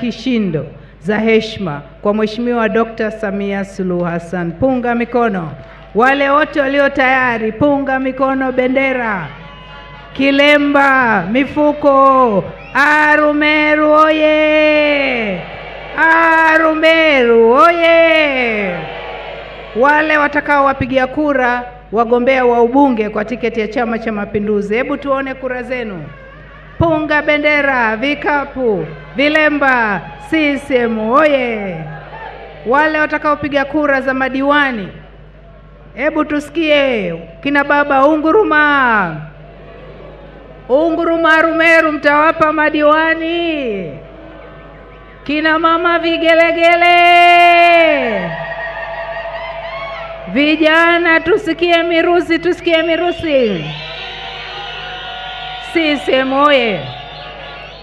kishindo za heshima kwa Mheshimiwa Dr. Samia Suluhu Hassan. Punga mikono wale wote walio tayari, punga mikono. Bendera, kilemba, mifuko. Arumeru oye! Arumeru oye! Wale watakaowapigia kura wagombea wa ubunge kwa tiketi ya Chama cha Mapinduzi, hebu tuone kura zenu punga bendera, vikapu, vilemba. CCM oye! Wale watakaopiga kura za madiwani, hebu tusikie kina baba, unguruma unguruma, Rumeru, mtawapa madiwani. Kina mama, vigelegele. Vijana, tusikie mirusi, tusikie mirusi. CCM oye!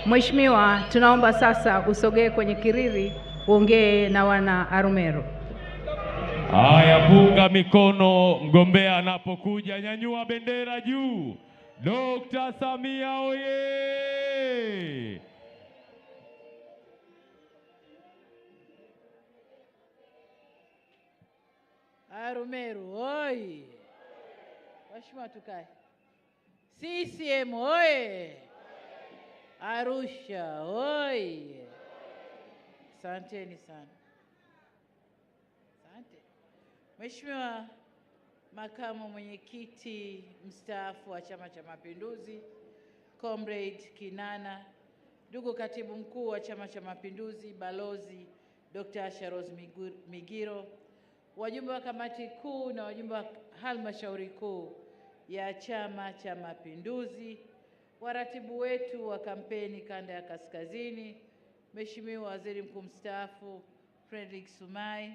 Mheshimiwa, tunaomba sasa usogee kwenye kiriri uongee na wana Arumeru. Haya, punga mikono, mgombea anapokuja, nyanyua bendera juu. Dr. Samia oye! Arumeru oi! Mheshimiwa, tukae. CCM oye! Arusha oye! Asanteni sana, asante. Mheshimiwa makamu mwenyekiti mstaafu wa Chama cha Mapinduzi Comrade Kinana, ndugu katibu mkuu wa Chama cha Mapinduzi Balozi Dr. Asha Rose Migiro, wajumbe wa kamati kuu na wajumbe wa halmashauri kuu ya Chama cha Mapinduzi, waratibu wetu wa kampeni kanda ya kaskazini, Mheshimiwa Waziri Mkuu mstaafu Frederick Sumai,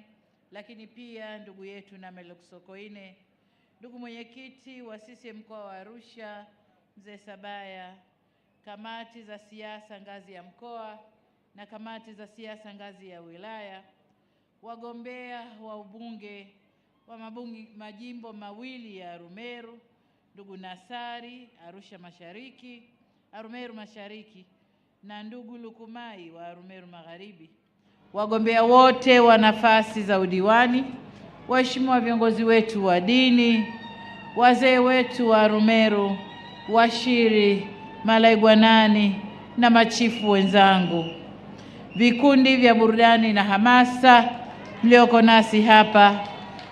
lakini pia ndugu yetu Namelok Sokoine, ndugu mwenyekiti wa CCM mkoa wa Arusha Mzee Sabaya, kamati za siasa ngazi ya mkoa na kamati za siasa ngazi ya wilaya, wagombea wa ubunge wa mabungi, majimbo mawili ya Rumeru ndugu Nasari Arusha Mashariki, Arumeru Mashariki na ndugu Lukumai wa Arumeru Magharibi, wagombea wote wa nafasi za udiwani, waheshimiwa viongozi wetu wa dini, wazee wetu wa Arumeru, washiri, malaigwanani na machifu wenzangu, vikundi vya burudani na hamasa mlioko nasi hapa,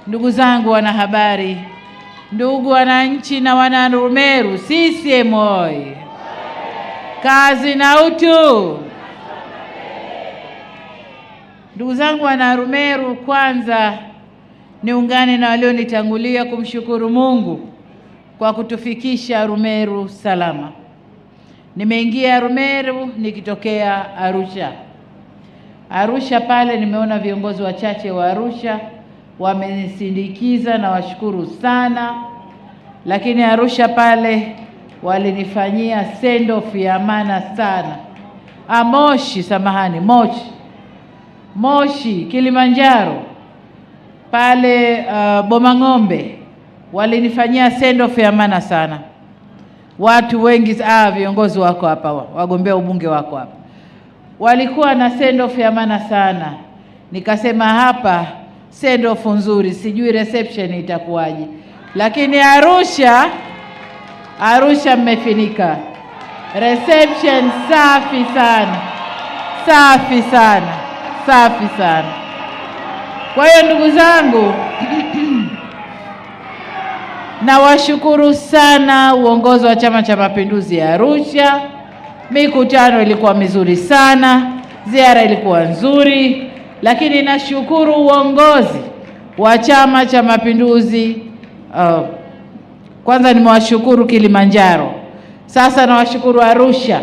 ndugu zangu wanahabari Ndugu wananchi na wana Rumeru, CCM Kazi na utu. Ndugu zangu wana Rumeru, kwanza niungane na walionitangulia kumshukuru Mungu kwa kutufikisha Rumeru salama. Nimeingia Rumeru nikitokea Arusha. Arusha pale nimeona viongozi wachache wa Arusha wamenisindikiza na washukuru sana. Lakini Arusha pale walinifanyia send off ya maana sana. A, ah, Moshi, samahani, Moshi, Moshi Kilimanjaro pale uh, Bomang'ombe walinifanyia send off ya maana sana. Watu wengi ah, viongozi wako hapa, wagombea ubunge wako hapa walikuwa na send off ya maana sana, nikasema hapa send off nzuri, sijui reception itakuwaje, lakini Arusha, Arusha mmefinika, reception safi sana, safi sana, safi sana. Kwa hiyo ndugu zangu nawashukuru sana uongozi wa Chama cha Mapinduzi ya Arusha. Mikutano ilikuwa mizuri sana, ziara ilikuwa nzuri. Lakini nashukuru uongozi wa Chama cha Mapinduzi. Uh, kwanza nimewashukuru Kilimanjaro, sasa nawashukuru Arusha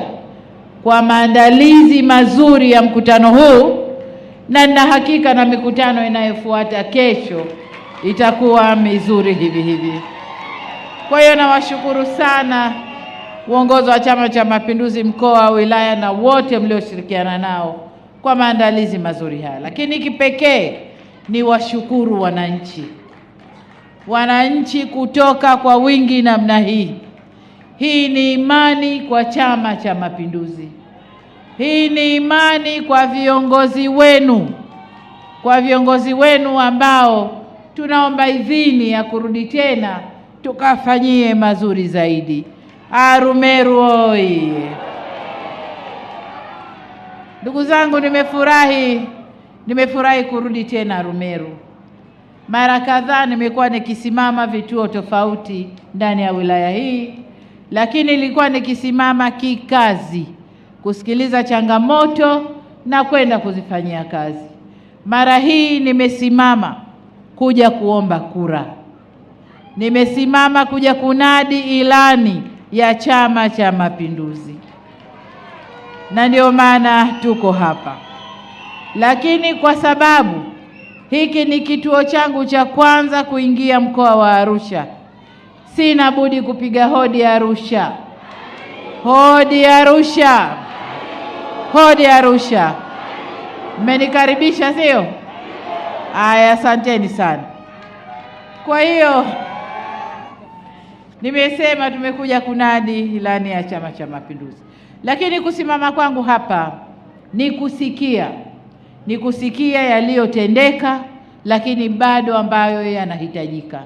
kwa maandalizi mazuri ya mkutano huu, na nina hakika na mikutano inayofuata kesho itakuwa mizuri hivi hivi. Kwa hiyo nawashukuru sana uongozi wa Chama cha Mapinduzi mkoa, wilaya na wote mlioshirikiana nao kwa maandalizi mazuri haya, lakini kipekee ni washukuru wananchi, wananchi kutoka kwa wingi namna hii. Hii ni imani kwa Chama cha Mapinduzi, hii ni imani kwa viongozi wenu, kwa viongozi wenu ambao tunaomba idhini ya kurudi tena tukafanyie mazuri zaidi. Arumeru oye! Ndugu zangu, nimefurahi nimefurahi kurudi tena Rumeru. Mara kadhaa nimekuwa nikisimama vituo tofauti ndani ya wilaya hii, lakini nilikuwa nikisimama kikazi kusikiliza changamoto na kwenda kuzifanyia kazi. Mara hii nimesimama kuja kuomba kura, nimesimama kuja kunadi ilani ya Chama cha Mapinduzi na ndio maana tuko hapa. Lakini kwa sababu hiki ni kituo changu cha kwanza kuingia mkoa wa Arusha, sina budi kupiga hodi ya Arusha, hodi ya Arusha, hodi ya Arusha. Mmenikaribisha, sio? Aya, asanteni sana. Kwa hiyo nimesema tumekuja kunadi ilani ya Chama cha Mapinduzi. Lakini kusimama kwangu hapa ni kusikia, ni kusikia yaliyotendeka, lakini bado ambayo yanahitajika,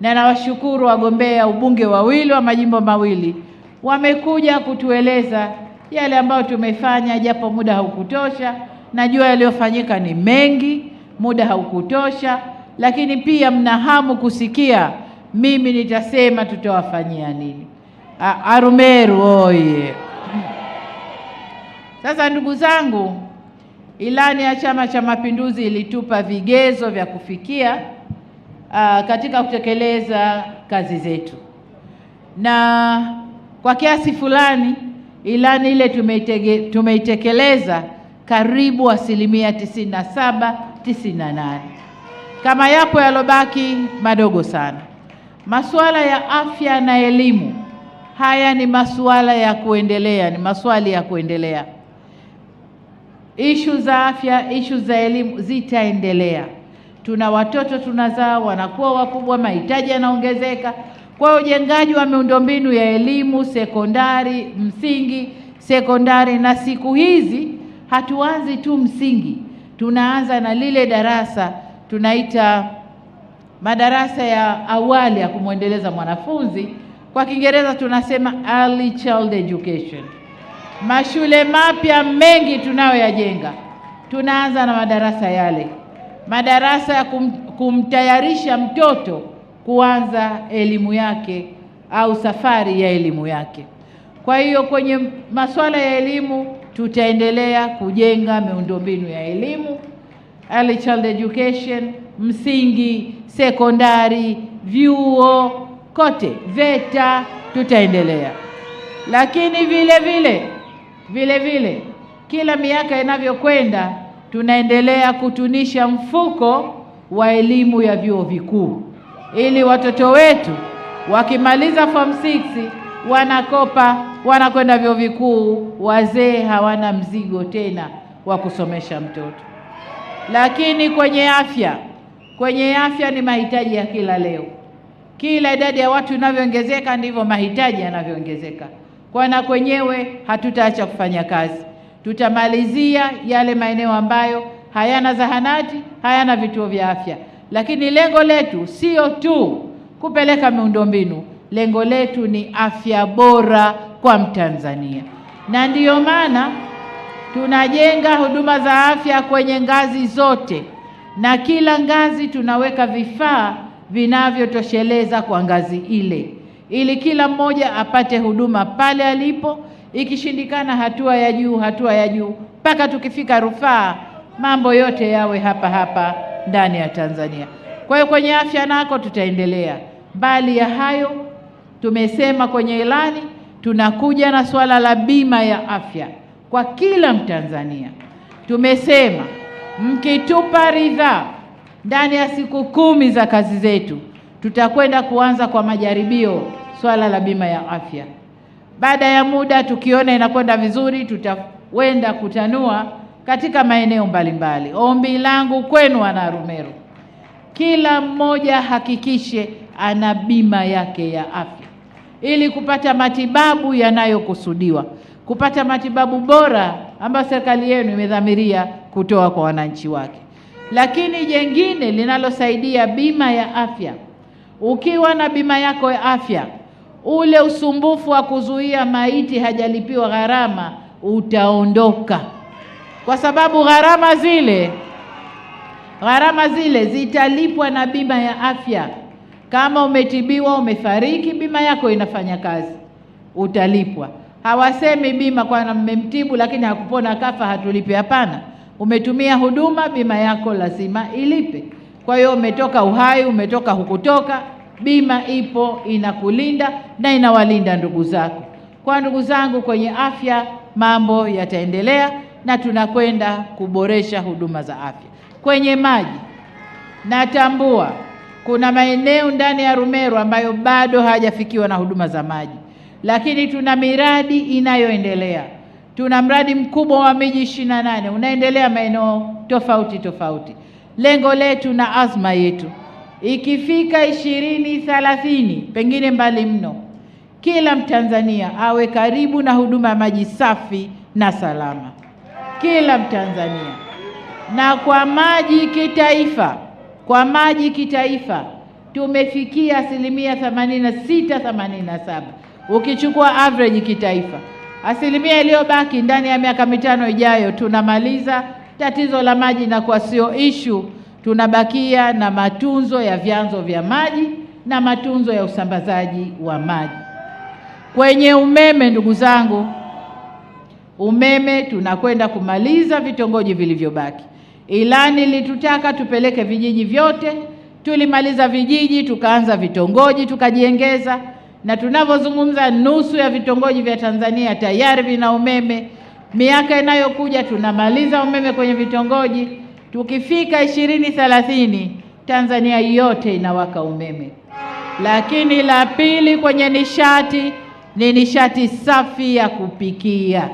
na nawashukuru wagombea ubunge wawili wa majimbo mawili wamekuja kutueleza yale ambayo tumefanya, japo muda haukutosha. Najua yaliyofanyika ni mengi, muda haukutosha, lakini pia mna hamu kusikia. Mimi nitasema tutawafanyia nini. Arumeru oye! Sasa ndugu zangu, ilani ya Chama cha Mapinduzi ilitupa vigezo vya kufikia uh, katika kutekeleza kazi zetu, na kwa kiasi fulani ilani ile tumeitekeleza karibu asilimia tisini na saba tisini na nane kama yapo yalobaki madogo sana. Masuala ya afya na elimu, haya ni masuala ya kuendelea, ni maswali ya kuendelea. Ishu za afya, ishu za elimu zitaendelea. Tuna watoto tunazaa, wanakuwa wakubwa, mahitaji yanaongezeka. Kwa hiyo ujengaji wa miundombinu ya elimu sekondari, msingi, sekondari, na siku hizi hatuanzi tu msingi, tunaanza na lile darasa tunaita madarasa ya awali ya kumwendeleza mwanafunzi, kwa Kiingereza tunasema early child education. Mashule mapya mengi tunayoyajenga, tunaanza na madarasa yale, madarasa ya kum, kumtayarisha mtoto kuanza elimu yake au safari ya elimu yake. Kwa hiyo kwenye masuala ya elimu tutaendelea kujenga miundombinu ya elimu, early child education, msingi, sekondari, vyuo kote, VETA tutaendelea, lakini vile vile vile vile kila miaka inavyokwenda tunaendelea kutunisha mfuko wa elimu ya vyuo vikuu ili watoto wetu wakimaliza form 6 wanakopa, wanakwenda vyuo vikuu, wazee hawana mzigo tena wa kusomesha mtoto. Lakini kwenye afya, kwenye afya ni mahitaji ya kila leo. Kila idadi ya watu inavyoongezeka ndivyo mahitaji yanavyoongezeka kwa na kwenyewe hatutaacha kufanya kazi. Tutamalizia yale maeneo ambayo hayana zahanati, hayana vituo vya afya, lakini lengo letu sio tu kupeleka miundombinu, lengo letu ni afya bora kwa Mtanzania, na ndiyo maana tunajenga huduma za afya kwenye ngazi zote, na kila ngazi tunaweka vifaa vinavyotosheleza kwa ngazi ile ili kila mmoja apate huduma pale alipo, ikishindikana hatua ya juu, hatua ya juu, mpaka tukifika rufaa, mambo yote yawe hapa hapa ndani ya Tanzania. Kwa hiyo kwenye afya nako tutaendelea. Mbali ya hayo, tumesema kwenye ilani tunakuja na suala la bima ya afya kwa kila Mtanzania. Tumesema mkitupa ridhaa ndani ya siku kumi za kazi zetu tutakwenda kuanza kwa majaribio swala la bima ya afya. Baada ya muda, tukiona inakwenda vizuri, tutawenda kutanua katika maeneo mbalimbali. Ombi langu kwenu wana Arumeru, kila mmoja hakikishe ana bima yake ya afya ili kupata matibabu yanayokusudiwa, kupata matibabu bora ambayo serikali yenu imedhamiria kutoa kwa wananchi wake. Lakini jengine linalosaidia bima ya afya ukiwa na bima yako ya afya, ule usumbufu wa kuzuia maiti hajalipiwa gharama utaondoka, kwa sababu gharama zile gharama zile zitalipwa na bima ya afya. Kama umetibiwa umefariki, bima yako inafanya kazi, utalipwa. Hawasemi bima kwa mmemtibu lakini hakupona kafa, hatulipi. Hapana, umetumia huduma, bima yako lazima ilipe. Kwa hiyo umetoka uhai, umetoka hukutoka, Bima ipo inakulinda na inawalinda ndugu zako. Kwa ndugu zangu, kwenye afya mambo yataendelea na tunakwenda kuboresha huduma za afya. Kwenye maji, natambua kuna maeneo ndani ya Rumeru ambayo bado hayajafikiwa na huduma za maji, lakini tuna miradi inayoendelea. Tuna mradi mkubwa wa miji ishirini na nane unaendelea maeneo tofauti tofauti. Lengo letu na azma yetu Ikifika ishirini thalathini, pengine mbali mno, kila Mtanzania awe karibu na huduma ya maji safi na salama, kila Mtanzania. Na kwa maji kitaifa, kwa maji kitaifa tumefikia asilimia 86 saba ukichukua average kitaifa. Asilimia iliyobaki ndani ya miaka mitano ijayo tunamaliza tatizo la maji na kwa sio issue tunabakia na matunzo ya vyanzo vya maji na matunzo ya usambazaji wa maji. Kwenye umeme, ndugu zangu, umeme tunakwenda kumaliza vitongoji vilivyobaki. Ilani ilitutaka tupeleke vijiji vyote, tulimaliza vijiji, tukaanza vitongoji, tukajiengeza na tunavyozungumza nusu ya vitongoji vya Tanzania tayari vina umeme. Miaka inayokuja tunamaliza umeme kwenye vitongoji Tukifika ishirini thelathini Tanzania yote inawaka umeme. Lakini la pili kwenye nishati ni nishati safi ya kupikia,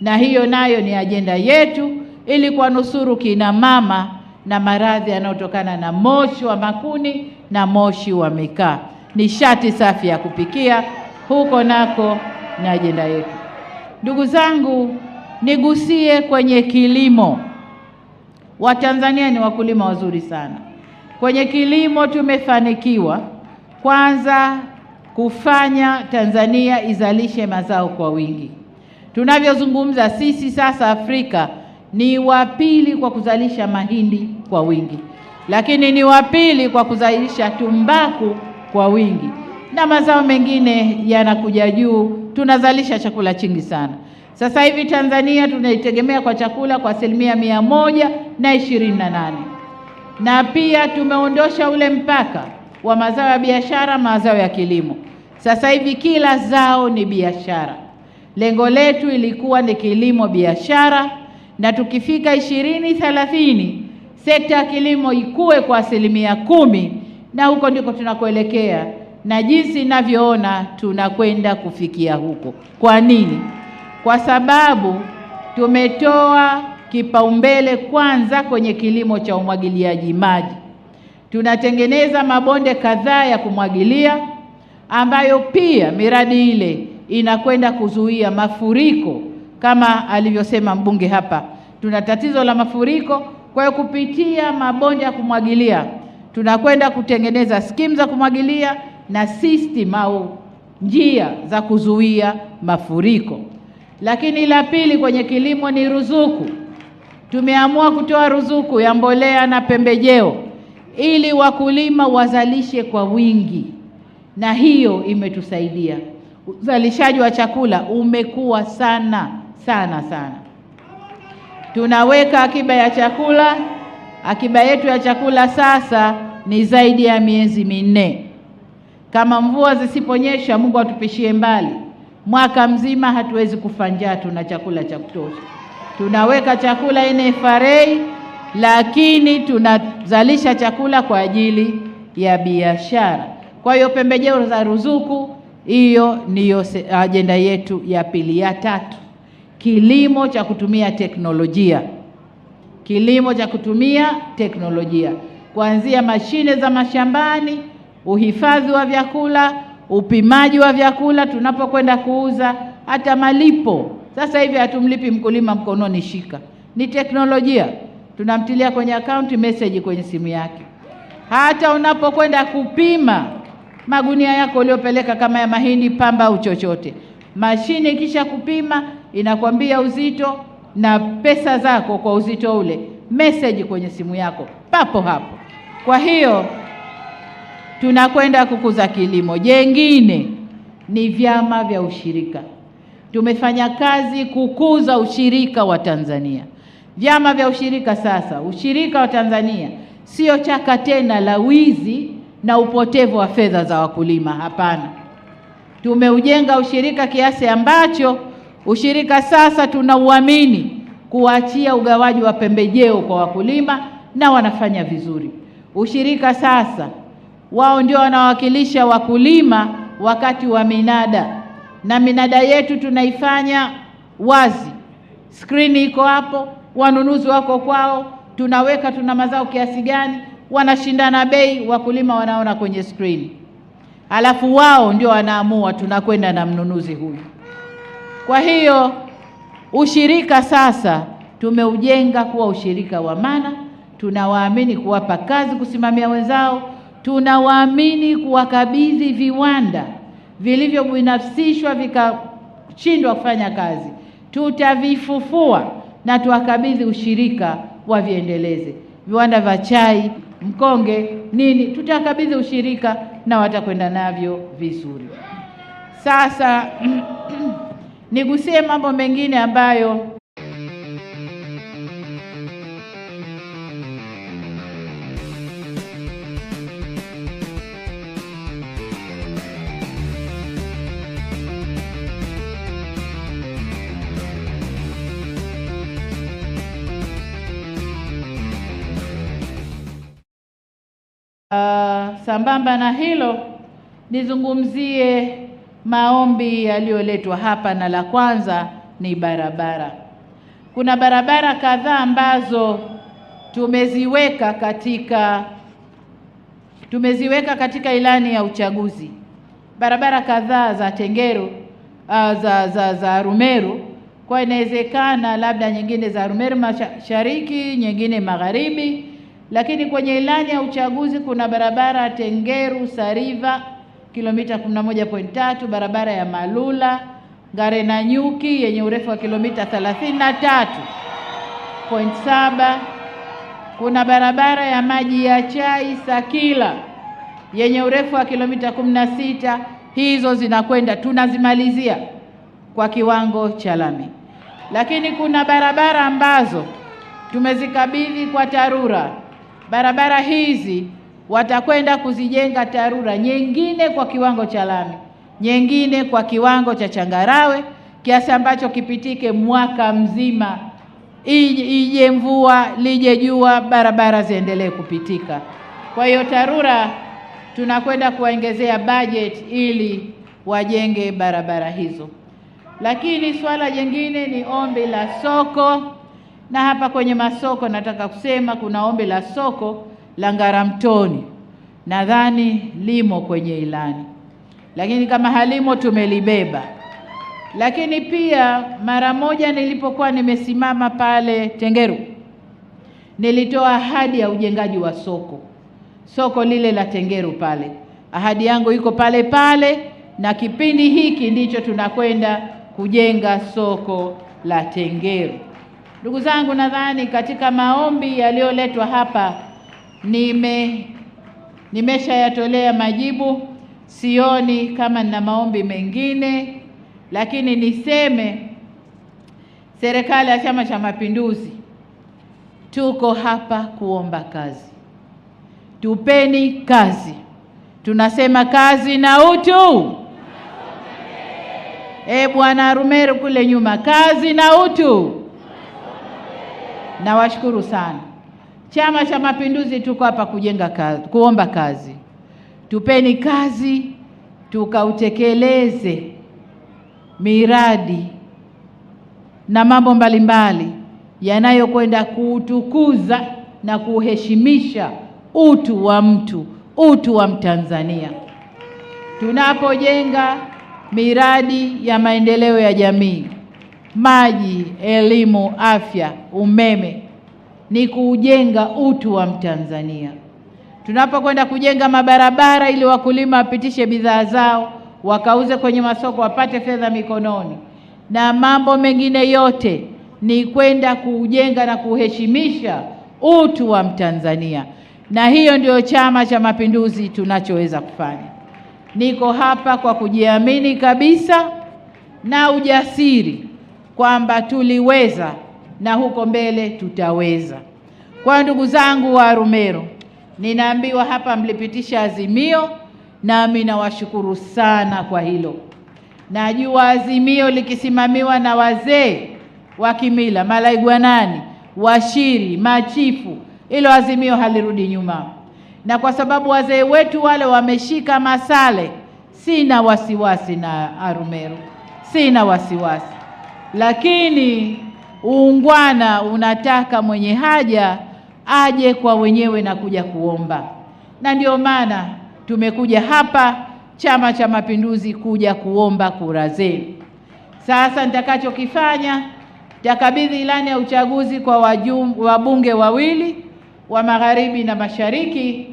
na hiyo nayo ni ajenda yetu ili kuwanusuru kina mama na maradhi yanayotokana na moshi wa makuni na moshi wa mikaa. Nishati safi ya kupikia huko nako ni ajenda yetu. Ndugu zangu, nigusie kwenye kilimo. Watanzania ni wakulima wazuri sana. Kwenye kilimo tumefanikiwa kwanza kufanya Tanzania izalishe mazao kwa wingi. Tunavyozungumza sisi sasa, Afrika ni wa pili kwa kuzalisha mahindi kwa wingi, lakini ni wa pili kwa kuzalisha tumbaku kwa wingi, na mazao mengine yanakuja juu. Tunazalisha chakula chingi sana. Sasa hivi Tanzania tunaitegemea kwa chakula kwa asilimia mia moja na ishirini na nane na pia tumeondosha ule mpaka wa mazao ya biashara, mazao ya kilimo. Sasa hivi kila zao ni biashara. Lengo letu ilikuwa ni kilimo biashara, na tukifika ishirini thelathini sekta ya kilimo ikue kwa asilimia kumi, na huko ndiko tunakoelekea, na jinsi ninavyoona tunakwenda kufikia huko. Kwa nini? kwa sababu tumetoa kipaumbele kwanza kwenye kilimo cha umwagiliaji maji. Tunatengeneza mabonde kadhaa ya kumwagilia ambayo pia miradi ile inakwenda kuzuia mafuriko kama alivyosema mbunge hapa. Tuna tatizo la mafuriko, kwa hiyo kupitia mabonde ya kumwagilia tunakwenda kutengeneza skimu za kumwagilia na system au njia za kuzuia mafuriko. Lakini la pili kwenye kilimo ni ruzuku. Tumeamua kutoa ruzuku ya mbolea na pembejeo ili wakulima wazalishe kwa wingi, na hiyo imetusaidia. Uzalishaji wa chakula umekuwa sana sana sana. Tunaweka akiba ya chakula. Akiba yetu ya chakula sasa ni zaidi ya miezi minne. Kama mvua zisiponyesha, Mungu atupishie mbali Mwaka mzima hatuwezi kufa njaa, tuna chakula cha kutosha. Tunaweka chakula NFRA, lakini tunazalisha chakula kwa ajili ya biashara. Kwa hiyo pembejeo za ruzuku, hiyo ndiyo ajenda yetu ya pili. Ya tatu, kilimo cha kutumia teknolojia, kilimo cha kutumia teknolojia, kuanzia mashine za mashambani, uhifadhi wa vyakula upimaji wa vyakula tunapokwenda kuuza, hata malipo. Sasa hivi hatumlipi mkulima mkononi shika, ni teknolojia. Tunamtilia kwenye akaunti, meseji kwenye simu yake. Hata unapokwenda kupima magunia yako uliopeleka kama ya mahindi, pamba au chochote, mashine ikisha kupima inakwambia uzito na pesa zako kwa uzito ule, meseji kwenye simu yako papo hapo. Kwa hiyo tunakwenda kukuza kilimo. Jengine ni vyama vya ushirika. Tumefanya kazi kukuza ushirika wa Tanzania, vyama vya ushirika. Sasa ushirika wa Tanzania sio chaka tena la wizi na upotevu wa fedha za wakulima. Hapana, tumeujenga ushirika kiasi ambacho ushirika sasa tunauamini kuachia ugawaji wa pembejeo kwa wakulima na wanafanya vizuri. Ushirika sasa wao ndio wanawakilisha wakulima wakati wa minada, na minada yetu tunaifanya wazi. Skrini iko hapo, wanunuzi wako kwao, tunaweka tuna mazao kiasi gani, wanashindana bei, wakulima wanaona kwenye skrini, alafu wao ndio wanaamua tunakwenda na mnunuzi huyu. Kwa hiyo ushirika sasa tumeujenga kuwa ushirika wa maana, tunawaamini kuwapa kazi kusimamia wenzao tunawaamini kuwakabidhi viwanda vilivyobinafsishwa vikashindwa kufanya kazi, tutavifufua na tuwakabidhi ushirika waviendeleze. Viwanda vya chai, mkonge, nini, tutawakabidhi ushirika na watakwenda navyo vizuri. Sasa nigusie mambo mengine ambayo Uh, sambamba na hilo nizungumzie maombi yaliyoletwa hapa, na la kwanza ni barabara. Kuna barabara kadhaa ambazo tumeziweka katika tumeziweka katika ilani ya uchaguzi, barabara kadhaa za Tengeru uh, ah, za, za, za Arumeru, kwa inawezekana labda nyingine za Rumeru Mashariki, nyingine Magharibi lakini kwenye ilani ya uchaguzi kuna barabara ya Tengeru Sariva kilomita 11.3, barabara ya Malula nyuki yenye urefu wa kilomita 33.7. Kuna barabara ya maji ya chai Sakila yenye urefu wa kilomita 16. Hizo zinakwenda tunazimalizia kwa kiwango cha lami, lakini kuna barabara ambazo tumezikabidhi kwa TARURA barabara hizi watakwenda kuzijenga TARURA, nyingine kwa kiwango cha lami, nyingine kwa kiwango cha changarawe, kiasi ambacho kipitike mwaka mzima, ije mvua lije jua, barabara ziendelee kupitika. Kwa hiyo TARURA tunakwenda kuwaongezea budget ili wajenge barabara hizo. Lakini swala jingine ni ombi la soko na hapa kwenye masoko, nataka kusema kuna ombi la soko la Ngaramtoni, nadhani limo kwenye ilani, lakini kama halimo tumelibeba. Lakini pia mara moja nilipokuwa nimesimama pale Tengeru, nilitoa ahadi ya ujengaji wa soko, soko lile la Tengeru pale. Ahadi yangu iko pale pale, na kipindi hiki ndicho tunakwenda kujenga soko la Tengeru. Ndugu zangu, nadhani katika maombi yaliyoletwa hapa nime nimeshayatolea majibu, sioni kama nina maombi mengine, lakini niseme serikali ya Chama cha Mapinduzi tuko hapa kuomba kazi. Tupeni kazi, tunasema kazi na utu. E Bwana Arumeru kule nyuma, kazi na utu. Nawashukuru sana. Chama cha Mapinduzi tuko hapa kujenga kazi, kuomba kazi. Tupeni kazi tukautekeleze miradi na mambo mbalimbali yanayokwenda kuutukuza na kuheshimisha utu wa mtu, utu wa Mtanzania. Tunapojenga miradi ya maendeleo ya jamii maji, elimu, afya, umeme, ni kuujenga utu wa Mtanzania. Tunapokwenda kujenga mabarabara ili wakulima wapitishe bidhaa zao wakauze kwenye masoko wapate fedha mikononi, na mambo mengine yote ni kwenda kuujenga na kuheshimisha utu wa Mtanzania, na hiyo ndio Chama cha Mapinduzi tunachoweza kufanya. Niko hapa kwa kujiamini kabisa na ujasiri kwamba tuliweza na huko mbele tutaweza. Kwa ndugu zangu wa Arumeru, ninaambiwa hapa mlipitisha azimio, nami nawashukuru sana kwa hilo. Najua azimio likisimamiwa na wazee wa kimila, malaigwanani, washiri, machifu, hilo azimio halirudi nyuma, na kwa sababu wazee wetu wale wameshika masale, sina wasiwasi na Arumeru, sina wasiwasi lakini uungwana unataka mwenye haja aje kwa wenyewe na kuja kuomba, na ndio maana tumekuja hapa Chama cha Mapinduzi kuja kuomba kura zenu. Sasa nitakachokifanya takabidhi ilani ya uchaguzi kwa wajum, wabunge wawili wa magharibi na mashariki.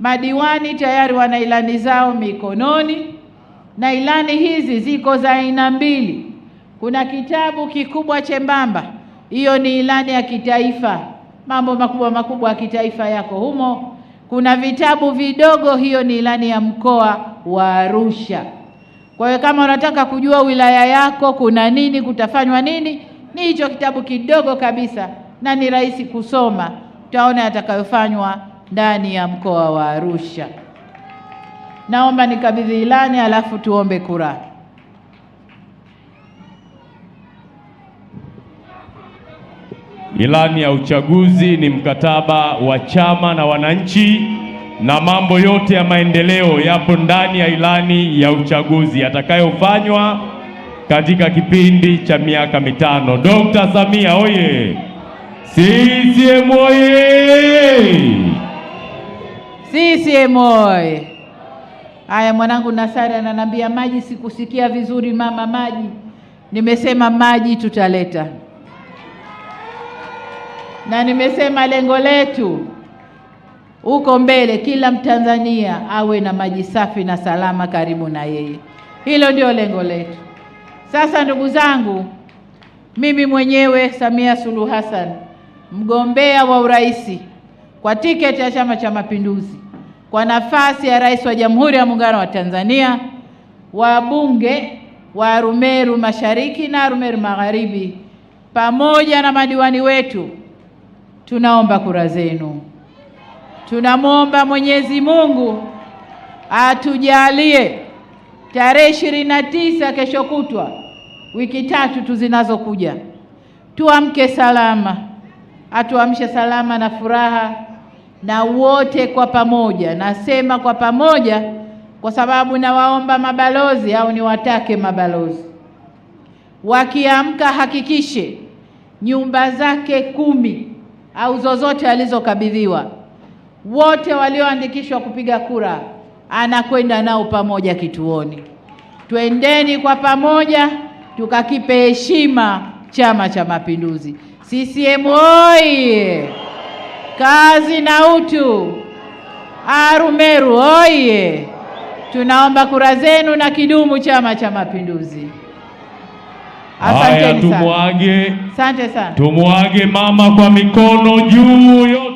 Madiwani tayari wana ilani zao mikononi, na ilani hizi ziko za aina mbili kuna kitabu kikubwa chembamba, hiyo ni ilani ya kitaifa. Mambo makubwa makubwa ya kitaifa yako humo. Kuna vitabu vidogo, hiyo ni ilani ya mkoa wa Arusha. Kwa hiyo kama unataka kujua wilaya yako kuna nini, kutafanywa nini, ni hicho kitabu kidogo kabisa na ni rahisi kusoma. Utaona yatakayofanywa ndani ya mkoa wa Arusha. Naomba nikabidhi ilani, alafu tuombe kura. Ilani ya uchaguzi ni mkataba wa chama na wananchi, na mambo yote ya maendeleo yapo ndani ya ilani ya uchaguzi yatakayofanywa katika kipindi cha miaka mitano. Dr. Samia oye! CCM oye! CCM oye! Haya, mwanangu Nasari ananiambia maji, sikusikia vizuri mama, maji. Nimesema maji tutaleta na nimesema lengo letu huko mbele, kila Mtanzania awe na maji safi na salama karibu na yeye. Hilo ndio lengo letu. Sasa ndugu zangu, mimi mwenyewe Samia Suluhu Hassan, mgombea wa urais kwa tiketi ya Chama cha Mapinduzi, kwa nafasi ya rais wa Jamhuri ya Muungano wa Tanzania, wabunge wa Arumeru Mashariki na Arumeru Magharibi, pamoja na madiwani wetu tunaomba kura zenu. Tunamwomba Mwenyezi Mungu atujalie tarehe ishirini na tisa kesho kutwa, wiki tatu tu zinazokuja, tuamke salama, atuamshe salama na furaha, na wote kwa pamoja. Nasema kwa pamoja kwa sababu nawaomba mabalozi au niwatake mabalozi, wakiamka hakikishe nyumba zake kumi au zozote alizokabidhiwa, wote walioandikishwa kupiga kura anakwenda nao pamoja kituoni. Twendeni kwa pamoja tukakipe heshima Chama cha Mapinduzi, CCM oye! Kazi na utu! Arumeru oye! Tunaomba kura zenu na kidumu Chama cha Mapinduzi! Haya, tumwage, asante sana, tumwage mama kwa mikono juu yote.